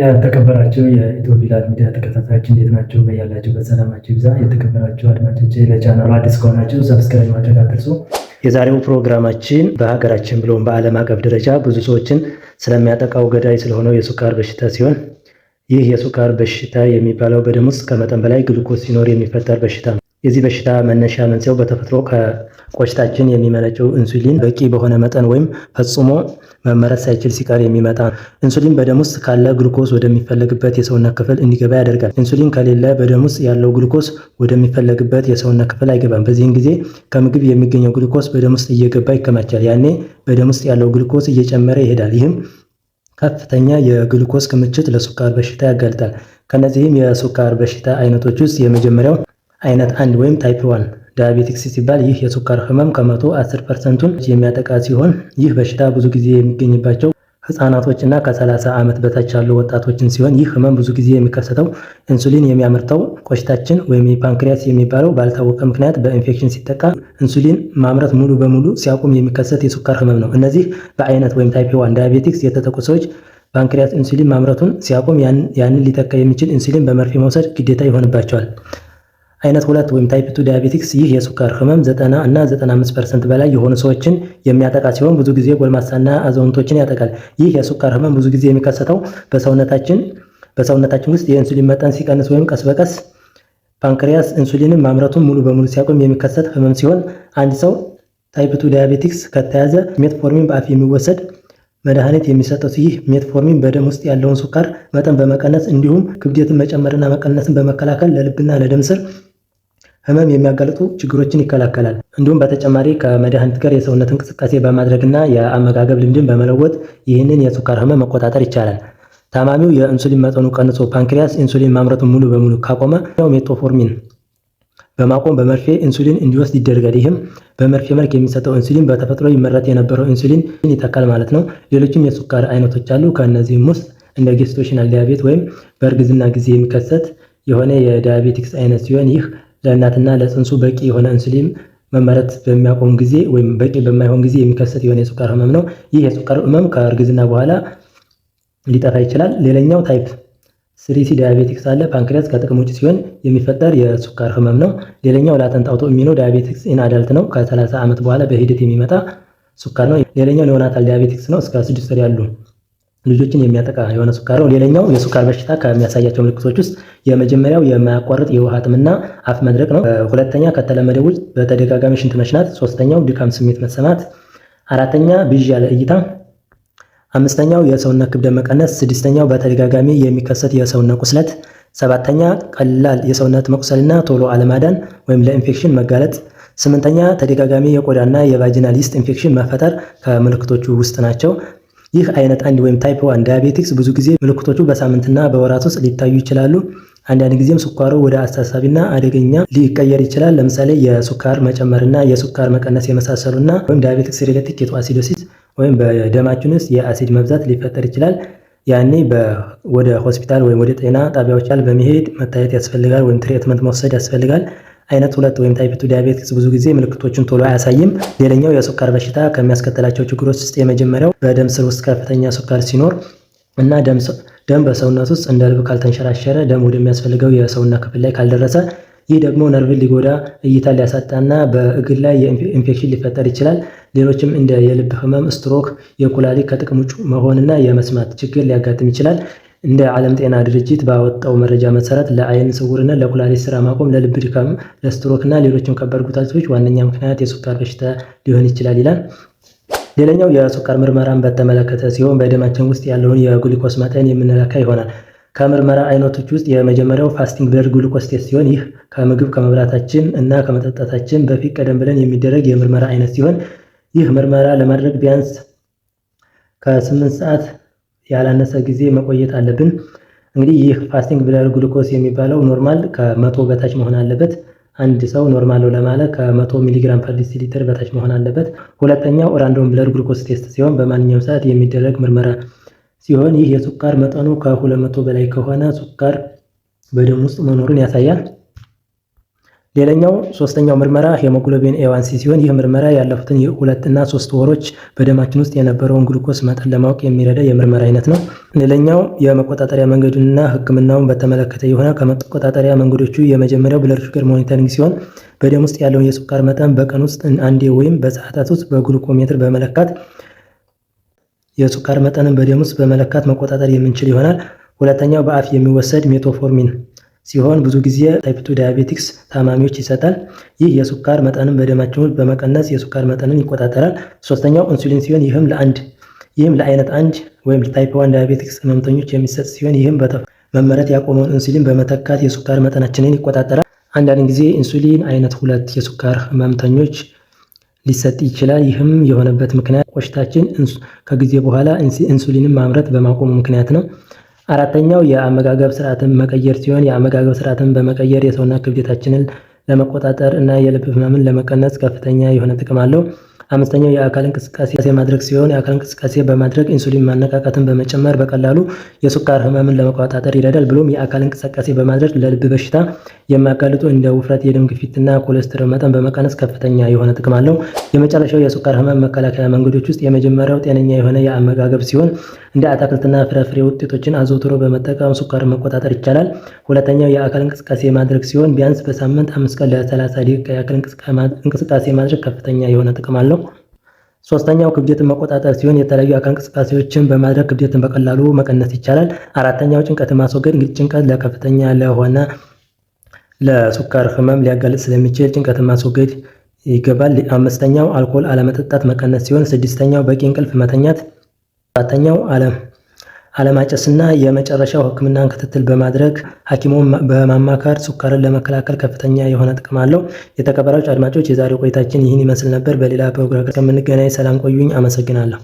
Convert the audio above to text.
የተከበራቸው የኢትዮፒላ ሚዲያ ተከታታዮች እንዴት ናቸው? በያላቸው በሰላማቸው ይብዛ። የተከበራቸው አድማጮች ለቻናሉ አዲስ ከሆናቸው ሰብስክራይብ ማድረግ አትርሱ። የዛሬው ፕሮግራማችን በሀገራችን ብሎም በዓለም አቀፍ ደረጃ ብዙ ሰዎችን ስለሚያጠቃው ገዳይ ስለሆነው የሱካር በሽታ ሲሆን ይህ የሱካር በሽታ የሚባለው በደም ውስጥ ከመጠን በላይ ግሉኮስ ሲኖር የሚፈጠር በሽታ ነው። የዚህ በሽታ መነሻ መንስኤው በተፈጥሮ ከቆሽታችን የሚመነጨው ኢንሱሊን በቂ በሆነ መጠን ወይም ፈጽሞ መመረት ሳይችል ሲቀር የሚመጣ ነው። ኢንሱሊን በደም ውስጥ ካለ ግሉኮስ ወደሚፈለግበት የሰውነት ክፍል እንዲገባ ያደርጋል። ኢንሱሊን ከሌለ በደም ውስጥ ያለው ግሉኮስ ወደሚፈለግበት የሰውነት ክፍል አይገባም። በዚህን ጊዜ ከምግብ የሚገኘው ግሉኮስ በደም ውስጥ እየገባ ይከማቻል። ያኔ በደም ውስጥ ያለው ግሉኮስ እየጨመረ ይሄዳል። ይህም ከፍተኛ የግሉኮስ ክምችት ለሱካር በሽታ ያጋልጣል። ከነዚህም የሱካር በሽታ አይነቶች ውስጥ የመጀመሪያው አይነት አንድ ወይም ታይፕ ዋን ዳያቤቲክስ ሲባል ይህ የሱካር ህመም ከመቶ 10 ፐርሰንቱን የሚያጠቃ ሲሆን ይህ በሽታ ብዙ ጊዜ የሚገኝባቸው ህጻናቶች እና ከ30 ዓመት በታች ያሉ ወጣቶችን ሲሆን ይህ ህመም ብዙ ጊዜ የሚከሰተው ኢንሱሊን የሚያመርተው ቆሽታችን ወይም ፓንክሪያስ የሚባለው ባልታወቀ ምክንያት በኢንፌክሽን ሲጠቃ ኢንሱሊን ማምረት ሙሉ በሙሉ ሲያቆም የሚከሰት የሱካር ህመም ነው። እነዚህ በአይነት ወይም ታይፕ ዋን ዳያቤቲክስ የተጠቁ ሰዎች ፓንክሪያስ ኢንሱሊን ማምረቱን ሲያቆም ያንን ሊተካ የሚችል ኢንሱሊን በመርፌ መውሰድ ግዴታ ይሆንባቸዋል። አይነት ሁለት ወይም ታይፕ ቱ ዲያቤቲክስ ይህ የሱካር ህመም 90 እና 95 ፐርሰንት በላይ የሆኑ ሰዎችን የሚያጠቃ ሲሆን ብዙ ጊዜ ጎልማሳና አዛውንቶችን ያጠቃል። ይህ የሱከር ህመም ብዙ ጊዜ የሚከሰተው በሰውነታችን በሰውነታችን ውስጥ የኢንሱሊን መጠን ሲቀንስ ወይም ቀስ በቀስ ፓንክሪያስ ኢንሱሊንን ማምረቱን ሙሉ በሙሉ ሲያቆም የሚከሰት ህመም ሲሆን አንድ ሰው ታይፕ ቱ ዲያቤቲክስ ከተያዘ ሜትፎርሚን በአፍ የሚወሰድ መድኃኒት የሚሰጠው ይህ ሜትፎርሚን በደም ውስጥ ያለውን ሱካር መጠን በመቀነስ እንዲሁም ክብደትን መጨመርና መቀነስን በመከላከል ለልብና ለደም ስር ህመም የሚያጋልጡ ችግሮችን ይከላከላል። እንዲሁም በተጨማሪ ከመድኃኒት ጋር የሰውነት እንቅስቃሴ በማድረግና የአመጋገብ ልምድን በመለወጥ ይህንን የሱካር ህመም መቆጣጠር ይቻላል። ታማሚው የኢንሱሊን መጠኑ ቀንሶ ፓንክሪያስ ኢንሱሊን ማምረቱን ሙሉ በሙሉ ካቆመ ሜቶፎርሚን በማቆም በመርፌ ኢንሱሊን እንዲወስድ ይደረጋል። ይህም በመርፌ መልክ የሚሰጠው ኢንሱሊን በተፈጥሮ ይመረት የነበረው ኢንሱሊን ይተካል ማለት ነው። ሌሎችም የሱካር አይነቶች አሉ። ከእነዚህም ውስጥ እንደ ጌስቶሽናል ዲያቤት ወይም በእርግዝና ጊዜ የሚከሰት የሆነ የዲያቤቲክስ አይነት ሲሆን ይህ ለእናትና ለፅንሱ በቂ የሆነ ኢንሱሊን መመረት በሚያቆም ጊዜ ወይም በቂ በማይሆን ጊዜ የሚከሰት የሆነ የስኳር ህመም ነው። ይህ የስኳር ህመም ከእርግዝና በኋላ ሊጠፋ ይችላል። ሌላኛው ታይፕ ስሪሲ ዳያቤቲክስ አለ። ፓንክሪያስ ከጥቅም ውጭ ሲሆን የሚፈጠር የስኳር ህመም ነው። ሌላኛው ላተንት አውቶ ኢሚኖ ዳያቤቲክስ ኢን አዳልት ነው። ከ30 ዓመት በኋላ በሂደት የሚመጣ ስኳር ነው። ሌላኛው ኒዮናታል ዳያቤቲክስ ነው። እስከ ስድስት ወር ያሉ ልጆችን የሚያጠቃ የሆነ ስኳር ነው። ሌላኛው የስኳር በሽታ ከሚያሳያቸው ምልክቶች ውስጥ የመጀመሪያው የማያቋርጥ የውሃ ጥምና አፍ መድረቅ ነው። ሁለተኛ ከተለመደ ውጭ በተደጋጋሚ ሽንት መሽናት። ሶስተኛው ድካም ስሜት መሰማት። አራተኛ ብዥ ያለ እይታ። አምስተኛው የሰውነት ክብደት መቀነስ። ስድስተኛው በተደጋጋሚ የሚከሰት የሰውነት ቁስለት። ሰባተኛ ቀላል የሰውነት መቁሰልና ቶሎ አለማዳን ወይም ለኢንፌክሽን መጋለጥ። ስምንተኛ ተደጋጋሚ የቆዳና የቫጂናል ይስት ኢንፌክሽን መፈጠር ከምልክቶቹ ውስጥ ናቸው። ይህ አይነት አንድ ወይም ታይፕ ዋን ዳያቤቲክስ ብዙ ጊዜ ምልክቶቹ በሳምንትና በወራት ውስጥ ሊታዩ ይችላሉ። አንዳንድ ጊዜም ስኳሩ ወደ አሳሳቢና አደገኛ ሊቀየር ይችላል። ለምሳሌ የስኳር መጨመርና የስኳር መቀነስ የመሳሰሉና ወይም ዳያቤቲክስ ሪሌቲክ ኬቶ አሲዶሲስ ወይም በደማችን ውስጥ የአሲድ መብዛት ሊፈጠር ይችላል። ያኔ ወደ ሆስፒታል ወይም ወደ ጤና ጣቢያዎች በመሄድ መታየት ያስፈልጋል ወይም ትሪትመንት መውሰድ ያስፈልጋል። አይነት ሁለት ወይም ታይፕ ቱ ዲያቤቲክስ ብዙ ጊዜ ምልክቶችን ቶሎ አያሳይም። ሌላኛው የስኳር በሽታ ከሚያስከትላቸው ችግሮች ውስጥ የመጀመሪያው በደም ስር ውስጥ ከፍተኛ ስኳር ሲኖር እና ደም በሰውነት ውስጥ እንደ ልብ ካልተንሸራሸረ፣ ደም ወደሚያስፈልገው የሰውነት ክፍል ላይ ካልደረሰ ይህ ደግሞ ነርቭን ሊጎዳ እይታ ሊያሳጣና በእግር ላይ የኢንፌክሽን ሊፈጠር ይችላል። ሌሎችም እንደ የልብ ህመም፣ ስትሮክ፣ የኩላሊት ከጥቅም ውጭ መሆንና የመስማት ችግር ሊያጋጥም ይችላል። እንደ ዓለም ጤና ድርጅት ባወጣው መረጃ መሰረት ለአይን ስውርነት፣ ለኩላሊት ስራ ማቆም፣ ለልብ ድካም፣ ለስትሮክ እና ሌሎችም ከባድ ጉዳቶች ዋነኛ ምክንያት የሱካር በሽታ ሊሆን ይችላል ይላል። ሌላኛው የሱካር ምርመራን በተመለከተ ሲሆን በደማችን ውስጥ ያለውን የግሉኮስ መጠን የምንለካ ይሆናል። ከምርመራ አይነቶች ውስጥ የመጀመሪያው ፋስቲንግ ብለድ ግሉኮስ ቴስት ሲሆን ይህ ከምግብ ከመብላታችን እና ከመጠጣታችን በፊት ቀደም ብለን የሚደረግ የምርመራ አይነት ሲሆን ይህ ምርመራ ለማድረግ ቢያንስ ከስምንት ሰዓት ያላነሰ ጊዜ መቆየት አለብን። እንግዲህ ይህ ፋስቲንግ ብለር ግሉኮስ የሚባለው ኖርማል ከመቶ በታች መሆን አለበት። አንድ ሰው ኖርማል ለማለት ከመቶ ሚሊግራም ፐር ዲሲሊትር በታች መሆን አለበት። ሁለተኛው ራንዶም ብለድ ግሉኮስ ቴስት ሲሆን በማንኛውም ሰዓት የሚደረግ ምርመራ ሲሆን ይህ የሱካር መጠኑ ከሁለት መቶ በላይ ከሆነ ሱካር በደም ውስጥ መኖሩን ያሳያል። ሌላኛው ሶስተኛው ምርመራ ሄሞግሎቢን ኤዋንሲ ሲሆን ይህ ምርመራ ያለፉትን ሁለት እና ሶስት ወሮች በደማችን ውስጥ የነበረውን ግሉኮስ መጠን ለማወቅ የሚረዳ የምርመራ አይነት ነው። ሌላኛው የመቆጣጠሪያ መንገዱንና ሕክምናውን በተመለከተ የሆነ ከመቆጣጠሪያ መንገዶቹ የመጀመሪያው ብለድ ሹገር ሞኒተሪንግ ሲሆን በደም ውስጥ ያለውን የስኳር መጠን በቀን ውስጥ አንዴ ወይም በሰዓታት ውስጥ በግሉኮሜትር በመለካት የስኳር መጠንን በደም ውስጥ በመለካት መቆጣጠር የምንችል ይሆናል። ሁለተኛው በአፍ የሚወሰድ ሜቶፎርሚን ሲሆን ብዙ ጊዜ ታይፕ 2 ዳያቤቲክስ ታማሚዎች ይሰጣል። ይህ የሱካር መጠንን በደማችን በመቀነስ የሱካር መጠንን ይቆጣጠራል። ሶስተኛው ኢንሱሊን ሲሆን ይህም ለአንድ ይህም ለአይነት አንድ ወይም ለታይፕ 1 ዳያቤቲክስ ህመምተኞች የሚሰጥ ሲሆን ይህም መመረት ያቆመውን ኢንሱሊን በመተካት የሱካር መጠናችንን ይቆጣጠራል። አንዳንድ ጊዜ ኢንሱሊን አይነት ሁለት የሱካር ህመምተኞች ሊሰጥ ይችላል። ይህም የሆነበት ምክንያት ቆሽታችን ከጊዜ በኋላ ኢንሱሊንን ማምረት በማቆሙ ምክንያት ነው። አራተኛው የአመጋገብ ስርዓትን መቀየር ሲሆን የአመጋገብ ስርዓትን በመቀየር የሰውነት ክብደታችንን ለመቆጣጠር እና የልብ ህመምን ለመቀነስ ከፍተኛ የሆነ ጥቅም አለው። አምስተኛው የአካል እንቅስቃሴ ማድረግ ሲሆን የአካል እንቅስቃሴ በማድረግ ኢንሱሊን ማነቃቃትን በመጨመር በቀላሉ የሱካር ህመምን ለመቆጣጠር ይረዳል። ብሎም የአካል እንቅስቃሴ በማድረግ ለልብ በሽታ የሚያጋልጡ እንደ ውፍረት፣ የደም ግፊትና ኮሌስትሮል መጠን በመቀነስ ከፍተኛ የሆነ ጥቅም አለው። የመጨረሻው የሱካር ህመም መከላከያ መንገዶች ውስጥ የመጀመሪያው ጤነኛ የሆነ የአመጋገብ ሲሆን እንደ አትክልትና ፍራፍሬ ውጤቶችን አዘውትሮ በመጠቀም ሱካር መቆጣጠር ይቻላል። ሁለተኛው የአካል እንቅስቃሴ ማድረግ ሲሆን ቢያንስ በሳምንት አምስት ቀን ለ30 ደቂቃ የአካል እንቅስቃሴ ማድረግ ከፍተኛ የሆነ ጥቅም አለው። ሶስተኛው ክብደትን መቆጣጠር ሲሆን የተለያዩ አካል እንቅስቃሴዎችን በማድረግ ክብደትን በቀላሉ መቀነስ ይቻላል። አራተኛው ጭንቀትን ማስወገድ እንግዲህ ጭንቀት ለከፍተኛ ለሆነ ለሱካር ህመም ሊያጋልጥ ስለሚችል ጭንቀትን ማስወገድ ይገባል። አምስተኛው አልኮል አለመጠጣት መቀነስ ሲሆን ስድስተኛው በቂ እንቅልፍ መተኛት አራተኛው አለም አለማጨስና የመጨረሻው ህክምናን ክትትል በማድረግ ሐኪሙን በማማከር ስኳርን ለመከላከል ከፍተኛ የሆነ ጥቅም አለው። የተከበራችሁ አድማጮች የዛሬው ቆይታችን ይህን ይመስል ነበር። በሌላ ፕሮግራም እስከምንገናኝ ሰላም ቆዩኝ። አመሰግናለሁ።